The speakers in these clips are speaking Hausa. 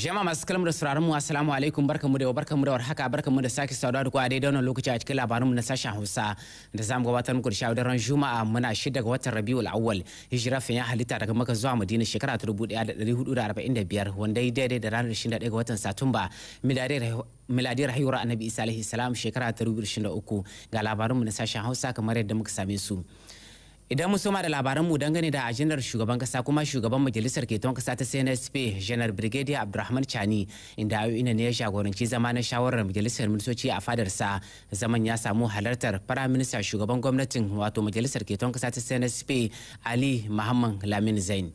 Jama masu kalmu da sauraron mu assalamu alaikum barkamu da barkamu da warhaka barkamu da sake saduwa da ku a daidai wannan lokaci a cikin mu na sashen Hausa da zamu gabatar muku da shi daren Juma'a muna shida daga watan Rabiul Awwal hijira fin ya halitta daga Makka zuwa Madina shekara ta 1445 wanda ya daidai da ranar 21 ga watan Satumba miladiyar haihuwar Annabi Isa alaihi salam shekara ta 2023 ga mu na sashen Hausa kamar yadda muka same su. idan mun soma da labaranmu dangane da ajinar shugaban kasa kuma shugaban majalisar keton kasa ta cnsp janar brigadier abdulrahman chani inda ina ne ya jagoranci zama na shawarar majalisar ministoci a fadarsa zaman ya samu halartar minister shugaban gwamnatin wato majalisar keton kasa ta cnsp ali muhammad lamin zain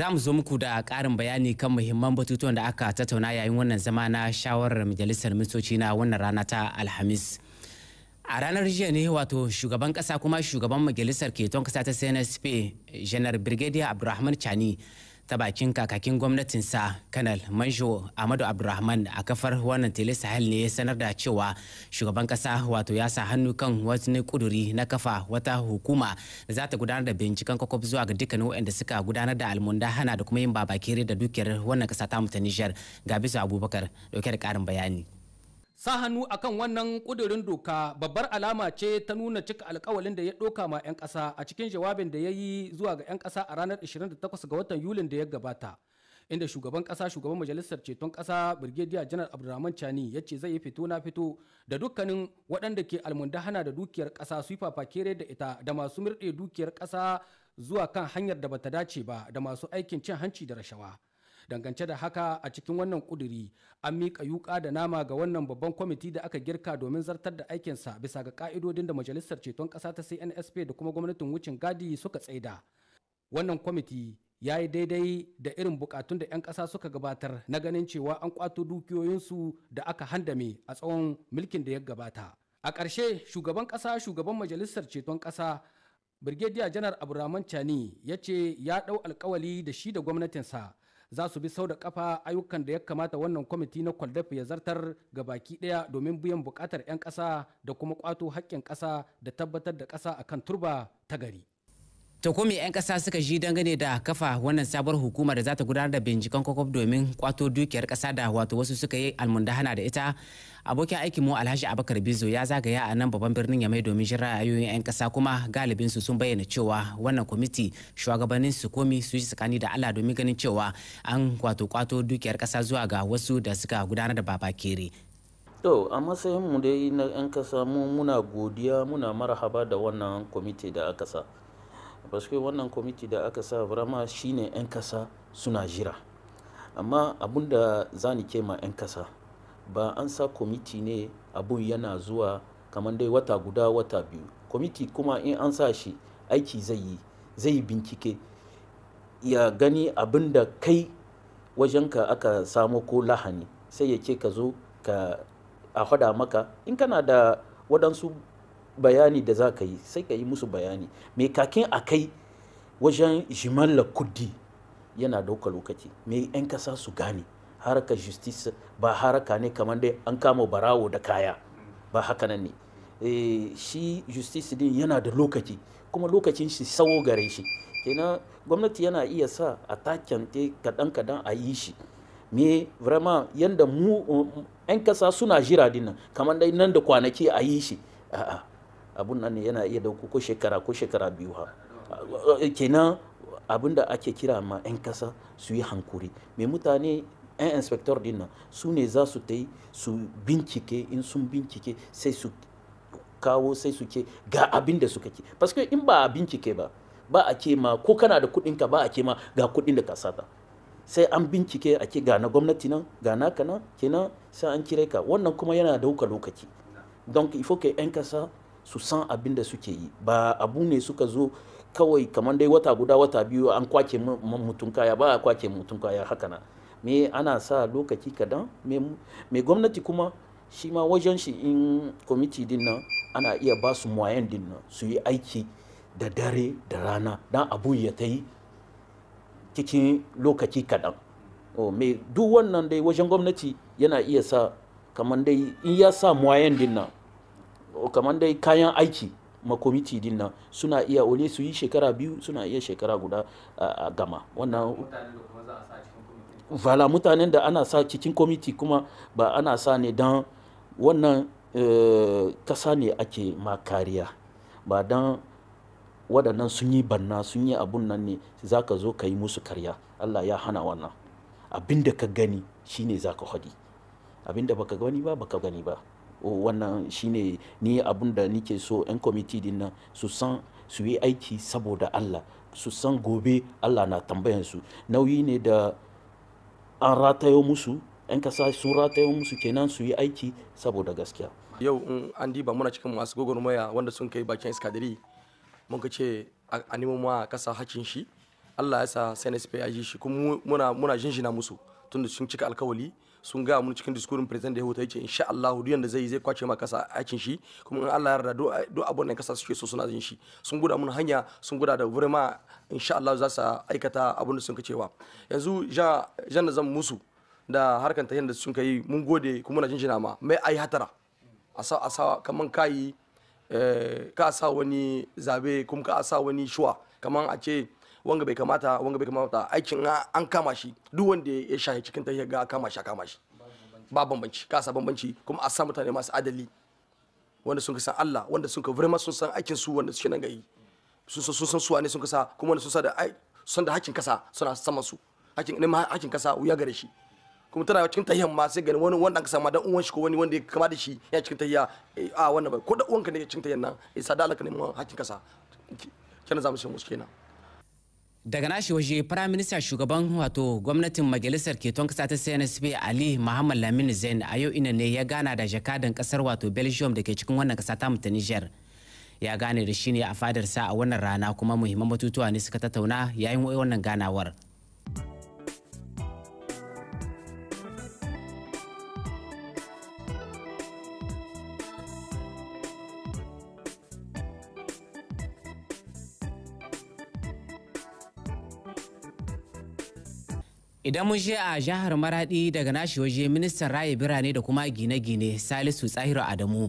za mu zo muku da karin bayani kan muhimman batutuwan da aka tattauna yayin wannan zama na shawarar majalisar ministoci na wannan rana ta alhamis a ranar jiya ne wato shugaban kasa kuma shugaban majalisar keton kasa ta cnsp janar brigadier abdulrahman chani ta bakin kakakin gwamnatin gwamnatinsa kanal manjo amadu abdurrahman a kafar wannan tele sahel ne ya sanar da cewa shugaban kasa wato ya sa hannu kan wani kuduri na kafa wata hukuma da za ta gudanar da binciken kwakwab zuwa ga dukkanin waɗanda suka gudanar da almunda hana da kuma yin babakere da dukiyar wannan kasa ta mu ta ga bisa abubakar dauke da ƙarin bayani sa hannu akan wannan kudurin doka babbar alama ce ta nuna cika alkawalin da ya doka ma 'yan kasa a cikin jawabin da ya yi zuwa ga 'yan kasa a ranar 28 ga watan yulin da ya gabata inda shugaban kasa shugaban majalisar ceton kasa birgediya janar abdulrahman chani ya ce zai yi fito na fito da dukkanin waɗanda ke almundahana da dukiyar kasa su yi fafakere da ita da masu murɗe dukiyar kasa zuwa kan hanyar da bata dace ba da masu aikin cin hanci da rashawa. dangance da haka a cikin wannan kuduri an miƙa yuƙa da nama ga wannan babban kwamiti da aka girka domin zartar da aikinsa bisa ga ka'idodin da majalisar ceton ƙasa ta cnsp da kuma gwamnatin wucin gadi suka tsaida wannan kwamiti ya yi daidai da irin bukatun da 'yan ƙasa suka gabatar na ganin cewa an kwato dukiyoyinsu da aka handame a tsawon mulkin da ya gabata a ƙarshe shugaban ƙasa shugaban majalisar ceton ƙasa birgediya janar abu chani ya ce ya ɗau alkawali da shi da gwamnatinsa za su bi sau da kafa ayyukan da ya kamata wannan kwamiti na kwalda ya zartar ga baki ɗaya domin biyan bukatar 'yan ƙasa da kuma ƙwato haƙƙin ƙasa da tabbatar da ƙasa akan turba ta gari To 'yan kasa suka ji dangane da kafa wannan sabuwar hukumar da za ta gudanar da binciken kokob domin kwato dukiyar kasa da wato wasu suka yi almundahana da ita abokin aikin mu alhaji abakar bizo ya zagaya a nan babban birnin ya mai domin jin ayoyin 'yan kasa kuma galibinsu sun bayyana cewa wannan kwamiti shugabannin su komi su yi tsakani da allah domin ganin cewa an kwato kwato dukiyar kasa zuwa ga wasu da suka gudanar da baba babakere to a matsayin mu dai na 'yan kasa mu muna godiya muna marhaba da wannan kwamiti da aka sa basu wannan kwamiti da aka sa rama shine 'yan kasa suna jira amma abun da za ni kema 'yan kasa ba an sa kwamiti ne abun yana zuwa kamar dai wata guda wata biyu kwamiti kuma in an sa shi aiki zai yi zai yi bincike ya gani abin da kai wajenka aka samo ko lahani sai ya ce ka zo ka a maka in kana da waɗansu bayani da za ka yi sai ka yi musu bayani mai kakin a kai wajen jimalla kudi yana dauka lokaci mai 'yan kasa su gane haraka justice ba haraka ne kamar dai an kama barawo da kaya ba haka nan ne eh, shi justice din yana da lokaci kuma lokacin shi sawo gare shi kenan gwamnati yana iya sa a te kadan-kadan a yi shi me vraiment yanda mu 'yan kasa suna jira dinnan kamar dai nan da kwanaki a yi shi a'a abun nan yana iya dauko ko shekara ko shekara biyu ha eh, kenan abin da ake kira ma 'yan kasa su yi hankuri mai mutane 'yan inspector din nan su ne za su ta su bincike in sun bincike sai su kawo sai su ce ga abin da suka ke paske in ba a bincike ba ba a ce ma ko kana da kudin ka ba a ce ma ga kudin da ka sata sai an bincike a ce ga na gwamnati nan ga kana kenan sai an kire ka wannan kuma yana dauka lokaci don ifo ke 'yan kasa su san abin da suke yi ba abu ne suka zo kawai kamar dai wata guda wata biyu an kwace mutum kaya ba a kwace mutum kaya haka na me ana sa lokaci kadan me gwamnati kuma shi ma wajen shi in kwamiti din nan ana iya ba su muayen din nan su yi aiki da dare da rana dan abu ya ta yi cikin lokaci kaɗan oh, duk wannan dai wajen gwamnati yana iya sa kamar dai in ya sa muayen din nan kamar dai kayan aiki makomiti din nan suna iya wani su yi shekara biyu suna iya shekara guda a gama wannan vala mutanen da ana sa cikin komiti kuma ba ana sa ne don wannan e, kasa ne ake makariya ba don waɗannan sun yi banna sun yi abun nan ne za ka zo ka yi musu karya allah ya hana wannan abin da ka gani shine za ka hadi abin da baka gani ba baka gani ba wannan shine ni abun da nike so 'yan kwamiti din nan su san su yi aiki saboda allah su san gobe allah na tambayan su nauyi ne da an ratayo musu 'yan kasa sun ratayo musu kenan su yi aiki saboda gaskiya yau in an diba muna cikin masu gwagwarmaya wanda sun kai bakin iskadiri mun ce a nemo ma kasa hakin shi allah ya sa sai na ya ji shi kuma muna jinjina musu tunda sun cika alkawali sun ga mun cikin diskurin president da ya huta yace insha Allah duk da zai zai kwace ma kasa aikin shi kuma in Allah ya yarda duk abun da kasa suke so suna jin shi sun guda mun hanya sun guda da vraiment insha Allah za su aikata abun da sun cewa yanzu jan zan musu da harkan ta yanda sun kai mun gode kuma na jinjina ma mai ai hatara a sa kaman kai eh, ka sa wani zabe kuma ka sa wani shuwa kaman a ce wanga bai kamata wanga bai kamata aikin an kama shi duk wanda ya shahi cikin ta ga kama shi kama shi ba bambanci ka sa bambanci kuma a sa mutane masu adali wanda sun san Allah wanda sun ka vraiment sun san aikin su wanda suke nan yi sun san sun san su ne sun kasa kuma wanda sun sa da sun da hakkin kasa suna saman su hakkin ne hakkin kasa wuya gare shi kuma tana cikin tahiyan ma sai gani wani wanda kasa ma dan uwan shi ko wani wanda ya kama da shi ya cikin tahiya eh, a wannan ba ko da uwanka ne cikin tahiyan nan isa eh, da alaka ne ma hakkin kasa kenan zamu shi musu kenan daga nashi waje minister shugaban wato gwamnatin majalisar keton kasa ta cnsp ali muhammad lamini zain a yau ina ne ya gana da jakadan kasar wato belgium da ke cikin wannan kasa ta niger ya gane da shi ne a fadarsa a wannan rana kuma muhimman batutuwa ne suka tattauna yayin wannan ganawar. idan mun je a jihar maradi daga nashi waje ministan raya birane da kuma gine-gine salisu tsahiru adamu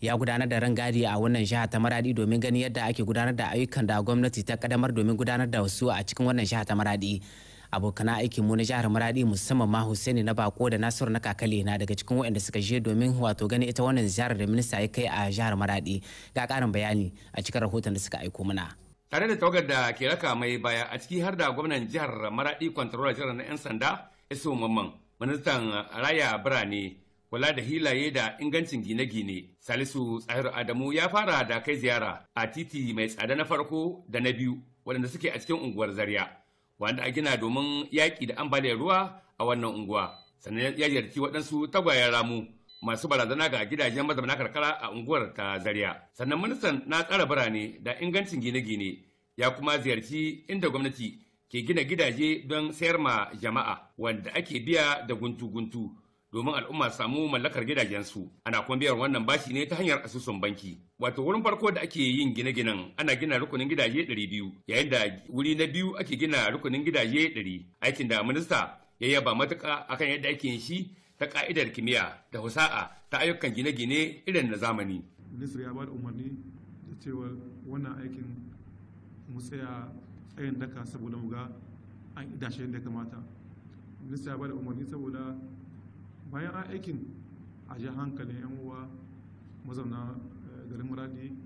ya gudanar da rangadi a wannan jiha ta maradi domin ganin yadda ake gudanar da ayyukan da gwamnati ta kadamar domin gudanar da wasu a cikin wannan jiha ta maradi abokan aikin mu na jihar maradi musamman ma husaini na bako da nasiru na kakale na daga cikin waɗanda suka je domin wato gani. ita wannan ziyarar da minista ya kai a jihar maradi ga ƙarin bayani a cikin rahoton da suka aiko mana. tare da tawagar da ke raka mai baya a ciki har da gwamnan jihar maradi kwantarola jihar na 'yan sanda iso mamman ministan raya birane kula da hilaye da ingancin gine-gine salisu tsahir adamu ya fara da kai ziyara a titi mai tsada na farko da na biyu waɗanda suke a cikin unguwar zaria wanda a gina domin yaƙi da ambaliyar ruwa a wannan unguwa sannan ya ziyarci waɗansu tagwayen ramu masu barazana ga gidajen mazauna karkara a unguwar ta Zaria. Sannan ministan na tsara birane da ingancin gine-gine ya kuma ziyarci inda gwamnati ke gina gidaje don sayar ma jama'a wanda ake biya da guntu-guntu domin al'umma samu mallakar gidajensu ana kuma biyar wannan bashi ne ta hanyar asusun banki wato wurin farko da ake yin gine-ginen ana gina rukunin gidaje 200 yayin da wuri na biyu ake gina rukunin gidaje 100 aikin da minista ya yaba matuka akan yadda ake yin shi ta ka'idar kimiyya da husa'a ta ayyukan gine-gine irin na zamani. Ministri ya ba da umarni da cewa wannan aikin mu tsaya tsayin daka saboda mu ga an idashe da kamata. Ministri ya ba da umarni saboda bayan an aikin a ji hankalin 'yan uwa mazauna eh, garin muradi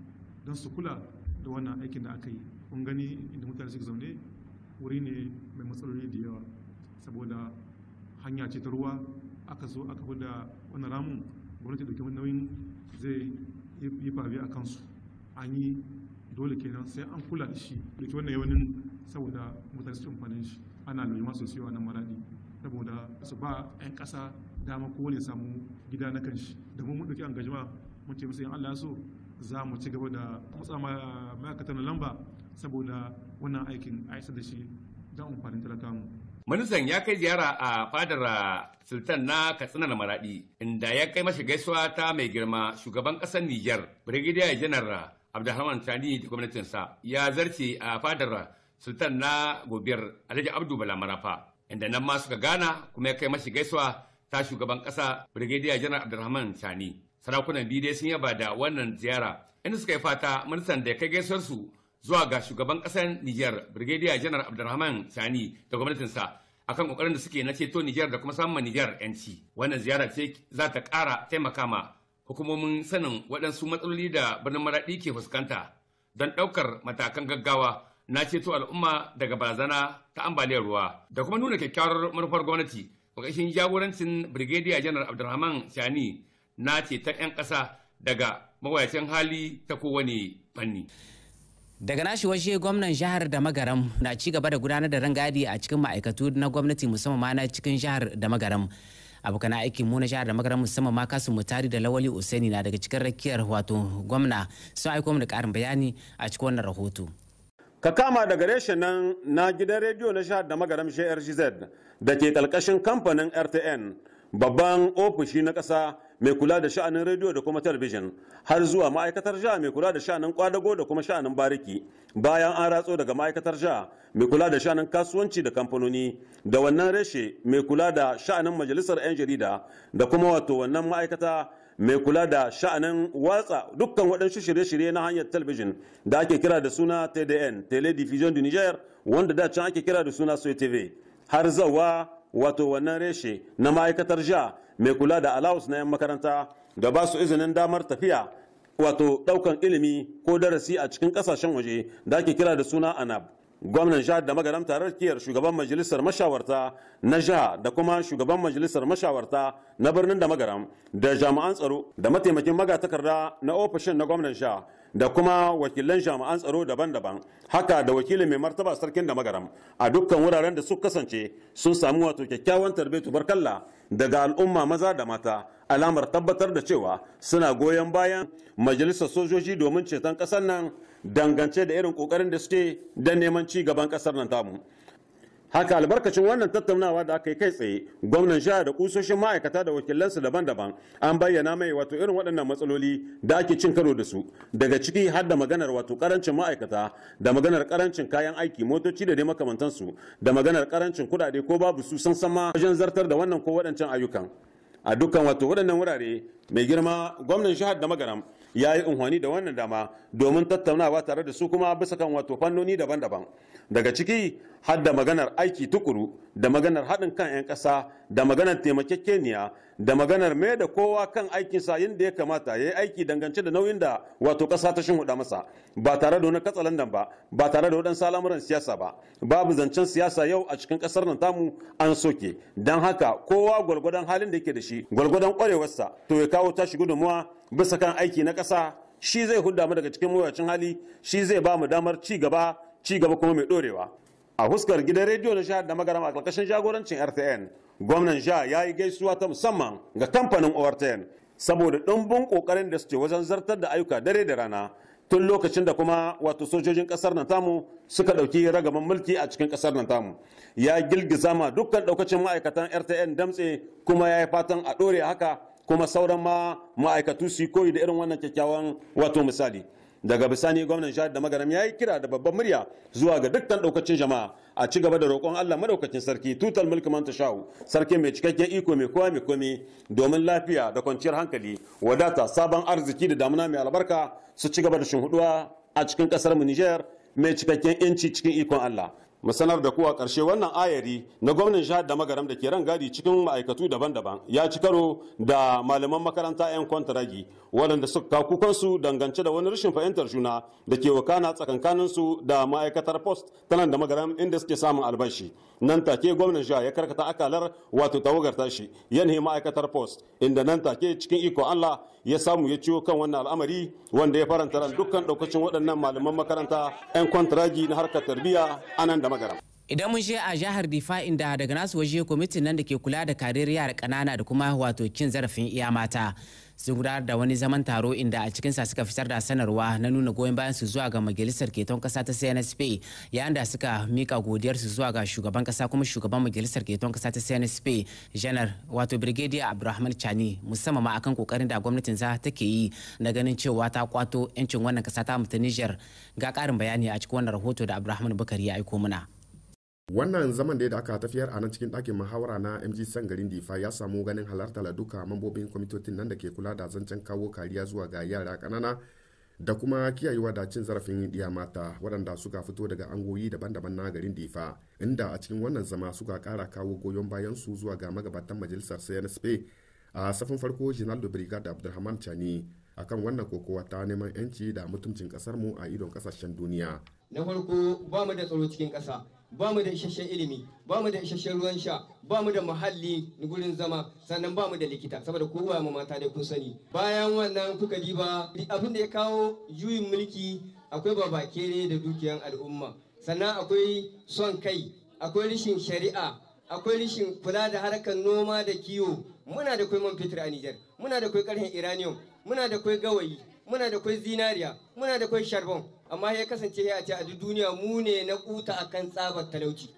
don su kula da wannan aikin da aka yi. Kun gani inda mutane suke zaune wuri ne mai matsaloli da yawa saboda hanya ce ta ruwa aka zo aka fi da wani ramun gwamnati wani nauyin zai yi fabi a kansu an yi dole kenan sai an kula da shi dauki wannan yawanin saboda mutane su amfani shi ana nema sosai wa nan maradi saboda su ba 'yan kasa dama ko ne samu gida na kanshi da mun ɗauki angajima mun ce musu yan Allah so za mu ci gaba da matsa ma'aikatan lamba saboda wannan aikin aisa da shi don amfanin talakawa Ministan ya kai ziyara a fadar uh, Sultan na Katsina na Maradi, inda ya kai mashi gaisuwa ta mai girma shugaban ƙasar Nijar, Brigadier General uh, Abdulrahman Tani da gwamnatinsa ya zarce a fadar uh, Sultan na Gobiyar Alhaji Abdu Bala Marafa, inda nan ma suka gana kuma ya kai mashi gaisuwa ta shugaban ƙasa Brigadier General Abdulrahman Tani. Sarakunan biyu dai sun yaba da wannan ziyara, inda suka yi fata ministan da ya kai gaisuwarsu zuwa ga shugaban kasar Nijar Brigadier General Abdulrahman Sani da gwamnatinsa akan kokarin da suke na ceto Nijar da kuma samun Nijar yanci. Wannan ziyara ce za ta kara taimaka ma hukumomin sanin wadansu matsaloli da birnin maraɗi ke fuskanta don ɗaukar matakan gaggawa na ceto al'umma daga barazana ta ambaliyar ruwa da kuma nuna kyakkyawar manufar gwamnati ƙarƙashin jagorancin Brigadier General Abdulrahman Sani na ceton 'yan ƙasa daga mawayacin hali ta kowane fanni. daga nashi waje gwamnan jihar da magaram na ci gaba da gudanar da rangadi a cikin ma'aikatu na gwamnati musamman ma na cikin jihar da magaram abokan aikin mu na jihar da magaram musamman ma kasu mutari da lawali usaini na daga cikin rakiyar wato gwamna sun aiko mu da karin bayani a cikin wannan rahoto ka kama daga reshen nan na gidan rediyo na jihar da magaram jrgz da ke kalkashin kamfanin rtn babban ofishi na ƙasa mai kula da sha'anin rediyo da kuma talabijin har zuwa ma'aikatar jiha mai kula da sha'anin kwadago da kuma sha'anin bariki bayan an ratso daga ma'aikatar jiha mai kula da sha'anin kasuwanci da kamfanoni da wannan reshe mai kula da sha'anin majalisar 'yan jarida da kuma wato wannan ma'aikata mai kula da sha'anin watsa dukkan waɗansu shirye-shirye na hanyar talabijin da ake kira da suna tdn teledivision du niger wanda da can ake kira da suna soy tv har zawa wato wannan reshe na ma'aikatar jiha mai kula da allowance na 'yan makaranta da ba su izinin damar tafiya wato daukan ilimi ko darasi a cikin kasashen waje da ake kira da suna anab gwamnan jihar da magaram tararkiyar shugaban majalisar mashawarta na jiha da kuma shugaban majalisar mashawarta na birnin da magaram da jami'an tsaro da mataimakin magatakarda na ofishin na gwamnan jiha da kuma wakilan jami'an tsaro daban-daban haka da wakilin mai martaba sarkin da magaram a dukkan wuraren da su kasance sun samu wato kyakkyawan tarbiyatu barkalla daga al'umma maza da mata alamar tabbatar da cewa suna goyon bayan majalisar sojoji domin ceton kasar nan dangance da irin kokarin da suke don neman ci gaban kasar nan tamu haka albarkacin wannan tattaunawa da aka yi kai tsaye gwamnan jihar da kusoshin ma'aikata da wakilansu daban-daban an bayyana mai wato irin waɗannan matsaloli da ake cin karo da su daga ciki har da maganar wato karancin ma'aikata da maganar karancin kayan aiki motoci da dai makamantansu da maganar karancin kuɗaɗe ko babu su san sama wajen zartar da wannan ko waɗancan ayyukan a dukkan wato waɗannan wurare mai girma gwamnan jihar da magaram ya yi unhwani da wannan dama domin tattaunawa tare da su kuma bisa kan wato fannoni daban-daban daga ciki har da maganar aiki tukuru da maganar haɗin kan 'yan ƙasa da maganar taimakekeniya da maganar mai da kowa kan aikinsa yadda ya kamata ya yi aiki dangance da nauyin da wato ƙasa ta shinhuda masa ba tare da wani katsalandan ba ba tare da waɗansu al'amuran siyasa ba babu zancen siyasa yau a cikin ƙasar nan tamu an soke don haka kowa gwargwadon halin da yake da shi gwargwadon ƙwarewarsa to ya kawo tashi gudunmuwa bisa kan aiki na ƙasa shi zai hudda mu daga cikin mawuyacin hali shi zai ba mu damar ci gaba ci gaba kuma mai ɗorewa a huskar gidan rediyo na jihar da magarama a ƙarƙashin jagorancin rtn gwamnan sha ya yi gaisuwa ta musamman ga kamfanin rtn saboda ɗumbin ƙoƙarin da suke wajen zartar da ayyuka dare da rana tun lokacin da kuma wato sojojin ƙasar nan tamu suka ɗauki ragaman mulki a cikin ƙasar nan tamu ya girgiza ma dukkan ɗaukacin ma'aikatan rtn damtse kuma ya yi fatan a ɗore haka kuma sauran ma ma'aikatu su koyi da irin wannan kyakkyawan wato misali daga bisani gwamnan jihar da magaram ya yi kira da babban murya zuwa ga dukkan daukacin jama'a a ci gaba da roƙon Allah madaukakin sarki tutal mulki Manta Shahu. sarki mai cikakken iko mai kowa mai komi domin lafiya da kwanciyar hankali wadata sabon arziki da damuna mai albarka su ci gaba da shinhuduwa a cikin ƙasar mu Niger mai cikakken yanci cikin ikon Allah sanar da kuwa karshe wannan ayari na gwamnan jihar da magaram da ke ran gadi cikin ma'aikatu daban-daban ya ci karo da malaman makaranta 'yan kwantaragi waɗanda suka kukansu dangance da wani rashin fahimtar juna da ke wakana tsakankaninsu da ma'aikatar post ta nan da magaram inda suke samun albashi nan take gwamnan jiha ya karkata akalar wato tawagar tashi yanayi ma'aikatar post inda nan take cikin iko Allah ya samu ya ciwo kan wannan al'amari wanda ya faranta ran dukkan daukacin waɗannan malaman makaranta 'yan kwantaragi na harkar tarbiyya nan da magaram. idan mun je a jihar difa inda daga nasu waje kwamitin nan da ke kula da kariyar yara ƙanana da kuma wato cin zarafin iya mata sun gudanar da wani zaman taro inda a cikinsa suka fitar da sanarwa na nuna goyon bayan su zuwa ga majalisar keton kasa ta CNSP yayin da suka mika godiyar su zuwa ga shugaban kasa kuma shugaban majalisar keton kasa ta CNSP janar wato brigadier Abdulrahman Chani musamman ma akan kokarin da gwamnatin za ta ke yi na ganin cewa ta kwato yancin wannan kasa ta mutu Niger ga karin bayani a cikin wannan rahoto da Abdulrahman Bukari ya aiko mana. Wannan zaman da aka tafiyar a nan cikin ɗakin muhawara na MG garin Difa ya samu ganin halarta da duka mambobin kwamitotin nan da ke kula da zancen kawo kariya zuwa ga yara ƙanana da kuma kiyayewa da cin zarafin ɗiya mata waɗanda suka fito daga angoyi daban-daban na garin Difa inda a cikin wannan zama suka kara kawo goyon bayan su zuwa ga magabatan majalisar CNSP a safin farko General da Brigade Abdulrahman Chani akan wannan kokowa ta neman 'yanci da mutuncin mu a idon kasashen duniya. Na farko ba mu da tsaro cikin ƙasa ba mu da isasshen ilimi ba mu da isasshen ruwan sha ba mu da muhalli gurin zama sannan ba mu da likita saboda kowa mu mata dai kun sani bayan wannan kuka ji ba. abin da ya kawo juyin mulki akwai babakere da dukiyan al'umma sannan akwai son kai akwai rishin shari'a akwai rishin kula da harkar noma da kiwo muna da kwai man fetur a Nijar muna da kwai karhen iranium muna da kwai gawayi muna da kwai zinariya muna da kwai sharbon amma ya kasance ya ce a duk duniya mu ne na kuta akan tsabar talauci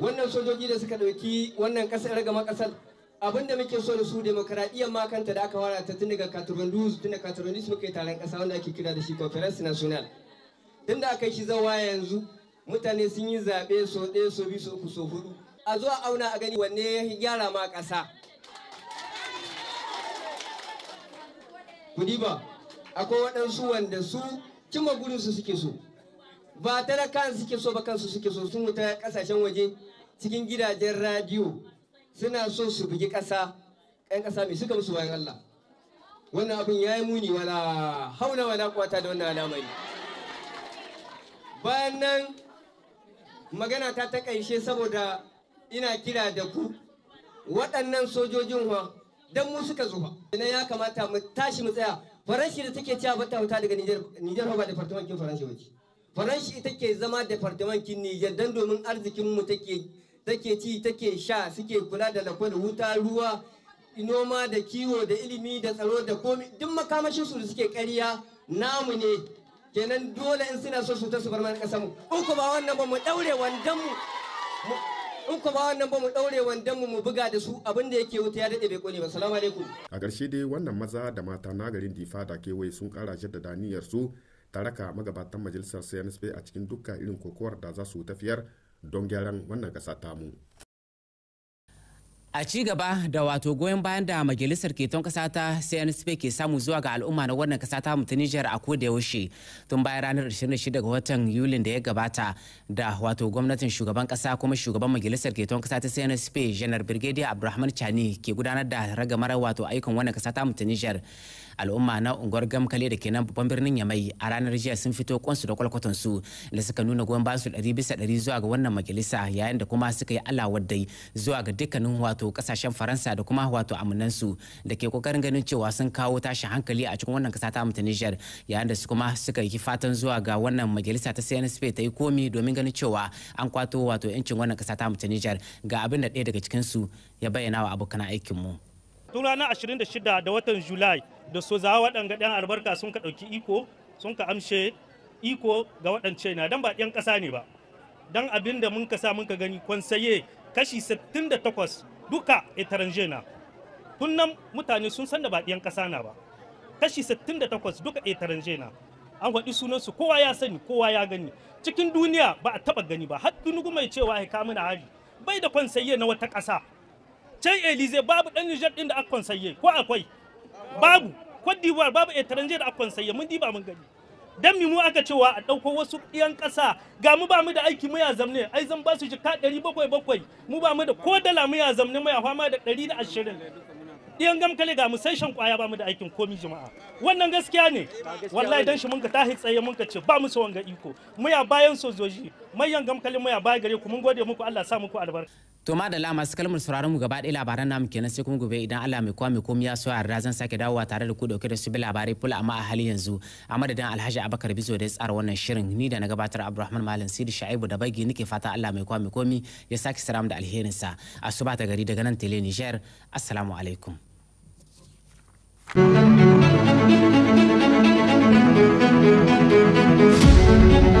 wannan sojoji da suka dauki wannan kasar ragama kasar abin da muke so da su demokradiyyar ma kanta da aka fara ta tun ga katurbandu tun da katurbandu su muka yi taron kasa wanda ake kira da shi conference national tun da aka yi shi zawa yanzu mutane sun yi zaɓe so ɗaya so biyu so uku so hudu a zuwa auna a gani wanne ya gyara ma ƙasa kudi ba akwai waɗansu wanda su cimma guru suke so ba kan suke so ba kansu suke so sun wuta kasashen waje cikin gidajen radiyo suna so su bugi ƙasa ƙan ƙasa mai suka musu bayan Allah wannan abin ya muni wala na wala kwata da wannan alamari bayan nan magana ta ta ƙarshe saboda ina kira da ku waɗannan sojojin wa don mu suka zuwa ya kamata mu tashi mu tsaya faranshi da take cewa bata wuta daga Nijar Nijar ba department kin faranshi wace faranshi take zama da kin Nijar dan domin arzikin mu take take ci take sha suke kula da lakwal wuta ruwa noma da kiwo da ilimi da tsaro da komi duk makamashin su da suke ƙarya namu ne kenan dole in suna so su ta su bar mana ƙasar mu uku ba wannan ba mu daure wandan mu in kuma wannan ba mu daure wandan mu mu buga da su abin da yake wuta ya dade bai kone ba assalamu alaikum a ƙarshe dai wannan maza da mata na garin difa da kewaye sun kara jaddada niyyar su taraka magabatan majalisar CNSP a cikin dukkan irin kokowar da za su tafiyar don gyaran wannan ƙasa tamu. a ci gaba da wato goyon bayan da majalisar keton kasa ta cnsp ke samu zuwa ga al'umma na wannan kasa ta mutu a koda yaushe tun bayan ranar 26 ga watan yulin da ya gabata da wato gwamnatin shugaban kasa kuma shugaban majalisar keton kasa ta cnsp janar brigadier abdulrahman chani ke gudanar da ragamar wato ayyukan wannan kasa ta mutu al'umma na unguwar gamkale da kenan babban birnin yamai a ranar jiya sun fito kwansu da kwalkwatan su da suka nuna goyon basu 100 bisa 100 zuwa ga wannan majalisa yayin da kuma suka yi alawar dai zuwa ga dukkanin wato wato kasashen faransa da kuma wato amunansu da ke kokarin ganin cewa sun kawo tashi hankali a cikin wannan kasa ta mutu niger yayin da su kuma suka yi fatan zuwa ga wannan majalisa ta cnsp ta yi komi domin ganin cewa an kwato wato yancin wannan kasa ta mutu niger ga abin da ɗaya daga cikinsu ya bayyana wa abokan aikinmu. tun ranar 26 da watan julai da sozawa waɗanga ɗan albarka sun ka ɗauki iko sun ka amshe iko ga waɗance na don ba ɗan ƙasa ne ba don abin da mun ka sa mun ka gani kwansaye kashi 68 duka etaranje na kunnan mutane sun san da ba ɗiyan ƙasa na ba kashi 68 duka etaranje na an faɗi sunansu kowa ya sani kowa ya gani cikin duniya ba a taɓa gani ba har dunugu mai cewa ya kamuna hari bai da kwansayye na wata ƙasa can elize babu ɗan nijar ɗin da aka kwansayye ko akwai babu cote babu etaranje da aka kwansayye mun diba mun gani dan mu aka cewa a ɗauko wasu ɗiyan ƙasa ga mu ba mu da aiki mu ya zamne ai zan ba su jika ɗari bakwai bakwai mu ba mu da ko dala mu ya zamne mu ya fama da ɗari da ashirin ɗiyan gamkale ga mu sai shan kwaya ba mu da aikin komi jama'a wannan gaskiya ne wallahi dan shi mun ka tahi tsaye mun ka ce ba mu wanga iko mu ya bayan sojoji mayan gamkale mu ya baya gare ku mun gode muku Allah sa muku albarka to ma da lama su kalmar sauraron mu gaba ɗaya labaran namu kenan sai kuma gobe idan Allah mai kwa mai ya so yarda zan sake dawowa tare da ku dauke da su bi labarai fula amma a hali yanzu a madadin Alhaji Abakar Bizo da ya tsara wannan shirin ni da na gabatar Abdulrahman Malam Sidi Sha'ibu da Bagi nake fata Allah mai kwa mai ya sake salam da alherin sa suba ta gari daga nan Tele Niger assalamu alaikum thank you